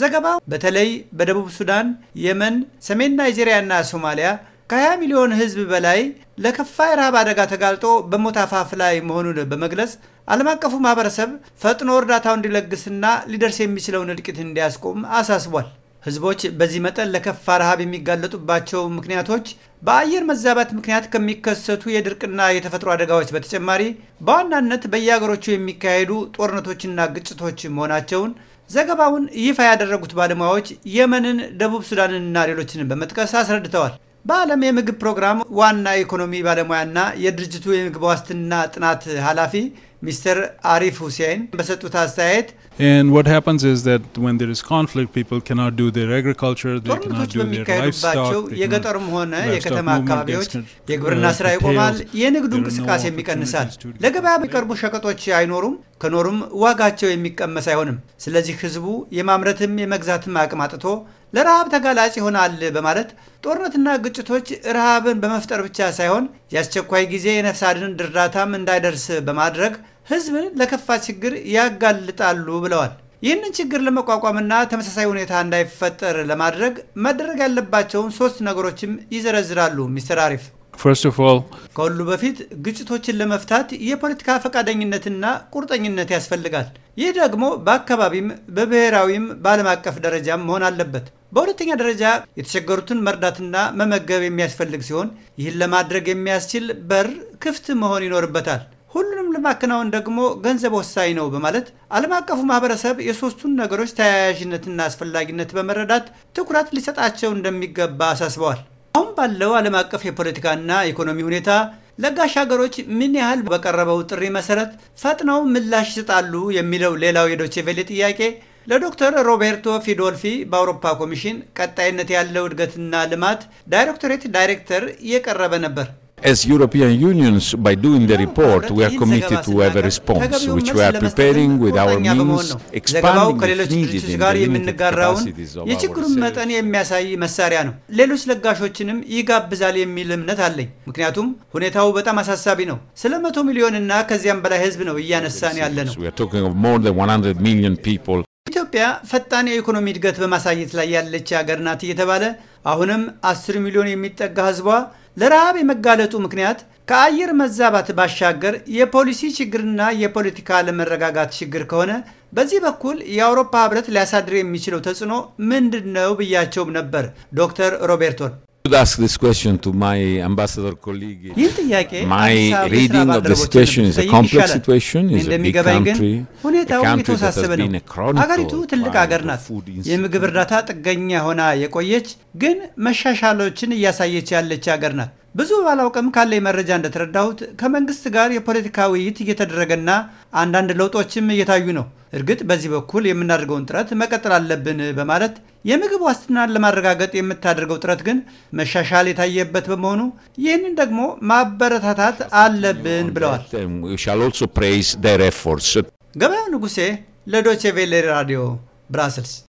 ዘገባው በተለይ በደቡብ ሱዳን፣ የመን፣ ሰሜን ናይጄሪያና ሶማሊያ ከ20 ሚሊዮን ህዝብ በላይ ለከፋ የረሃብ አደጋ ተጋልጦ በሞት አፋፍ ላይ መሆኑን በመግለጽ ዓለም አቀፉ ማህበረሰብ ፈጥኖ እርዳታው እንዲለግስና ሊደርስ የሚችለውን እልቂት እንዲያስቆም አሳስቧል። ህዝቦች በዚህ መጠን ለከፋ ረሃብ የሚጋለጡባቸው ምክንያቶች በአየር መዛባት ምክንያት ከሚከሰቱ የድርቅና የተፈጥሮ አደጋዎች በተጨማሪ በዋናነት በየሀገሮቹ የሚካሄዱ ጦርነቶችና ግጭቶች መሆናቸውን ዘገባውን ይፋ ያደረጉት ባለሙያዎች የመንን፣ ደቡብ ሱዳንንና ሌሎችን በመጥቀስ አስረድተዋል። በዓለም የምግብ ፕሮግራም ዋና ኢኮኖሚ ባለሙያና የድርጅቱ የምግብ ዋስትና ጥናት ኃላፊ ሚስተር አሪፍ ሁሴን በሰጡት አስተያየት ጦርነቶች በሚካሄዱባቸው የገጠሩም ሆነ የከተማ አካባቢዎች የግብርና ስራ ይቆማል፣ የንግዱ እንቅስቃሴ የሚቀንሳል፣ ለገበያ የሚቀርቡ ሸቀጦች አይኖሩም፣ ከኖሩም ዋጋቸው የሚቀመስ አይሆንም። ስለዚህ ህዝቡ የማምረትም የመግዛትም አቅም አጥቶ ለረሃብ ተጋላጭ ይሆናል በማለት ጦርነትና ግጭቶች ረሃብን በመፍጠር ብቻ ሳይሆን የአስቸኳይ ጊዜ የነፍስ አድን እርዳታም እንዳይደርስ በማድረግ ህዝብን ለከፋ ችግር ያጋልጣሉ ብለዋል። ይህንን ችግር ለመቋቋምና ተመሳሳይ ሁኔታ እንዳይፈጠር ለማድረግ መደረግ ያለባቸውን ሶስት ነገሮችም ይዘረዝራሉ ሚስተር አሪፍ። ከሁሉ በፊት ግጭቶችን ለመፍታት የፖለቲካ ፈቃደኝነትና ቁርጠኝነት ያስፈልጋል። ይህ ደግሞ በአካባቢም በብሔራዊም በዓለም አቀፍ ደረጃም መሆን አለበት። በሁለተኛ ደረጃ የተቸገሩትን መርዳትና መመገብ የሚያስፈልግ ሲሆን ይህን ለማድረግ የሚያስችል በር ክፍት መሆን ይኖርበታል። ሁሉንም ለማከናወን ደግሞ ገንዘብ ወሳኝ ነው በማለት ዓለም አቀፉ ማህበረሰብ የሶስቱን ነገሮች ተያያዥነትና አስፈላጊነት በመረዳት ትኩረት ሊሰጣቸው እንደሚገባ አሳስበዋል። አሁን ባለው ዓለም አቀፍ የፖለቲካና ኢኮኖሚ ሁኔታ ለጋሽ ሀገሮች ምን ያህል በቀረበው ጥሪ መሰረት ፈጥነው ምላሽ ይሰጣሉ የሚለው ሌላው ቬሌ ጥያቄ ለዶክተር ሮቤርቶ ፊዶልፊ በአውሮፓ ኮሚሽን ቀጣይነት ያለው እድገትና ልማት ዳይሬክቶሬት ዳይሬክተር እየቀረበ ነበር። As European unions, by doing the report, we are committed to have a response, which we are preparing with our means, expanding if needed in the limited capacities of የችግሩን መጠን የሚያሳይ መሳሪያ ነው። ሌሎች ለጋሾችንም ይጋብዛል የሚል እምነት አለኝ። ምክንያቱም ሁኔታው በጣም አሳሳቢ ነው። ስለ መቶ ሚሊዮን እና ከዚያም በላይ ህዝብ ነው እያነሳን ያለ ነው። ኢትዮጵያ ፈጣን የኢኮኖሚ እድገት በማሳየት ላይ ያለች ሀገር ናት እየተባለ አሁንም አስር ሚሊዮን የሚጠጋ ህዝቧ ለረሃብ የመጋለጡ ምክንያት ከአየር መዛባት ባሻገር የፖሊሲ ችግርና የፖለቲካ አለመረጋጋት ችግር ከሆነ በዚህ በኩል የአውሮፓ ህብረት ሊያሳድር የሚችለው ተጽዕኖ ምንድን ነው ብያቸውም ነበር ዶክተር ሮቤርቶን should ask this question to my ambassador colleague. My reading of the situation is a complex situation, It's a big country, a country that has been a chronic አገሪቱ ትልቅ ሀገር ናት። የምግብ እርዳታ ጥገኛ ሆና የቆየች ግን መሻሻሎችን እያሳየች ያለች ሀገር ናት። ብዙ ባላውቅም ካለ መረጃ እንደተረዳሁት ከመንግስት ጋር የፖለቲካ ውይይት እየተደረገና አንዳንድ ለውጦችም እየታዩ ነው። እርግጥ በዚህ በኩል የምናደርገውን ጥረት መቀጠል አለብን በማለት የምግብ ዋስትናን ለማረጋገጥ የምታደርገው ጥረት ግን መሻሻል የታየበት በመሆኑ ይህንን ደግሞ ማበረታታት አለብን ብለዋል። ገበያው ንጉሴ ለዶቼ ቬሌ ራዲዮ ብራስልስ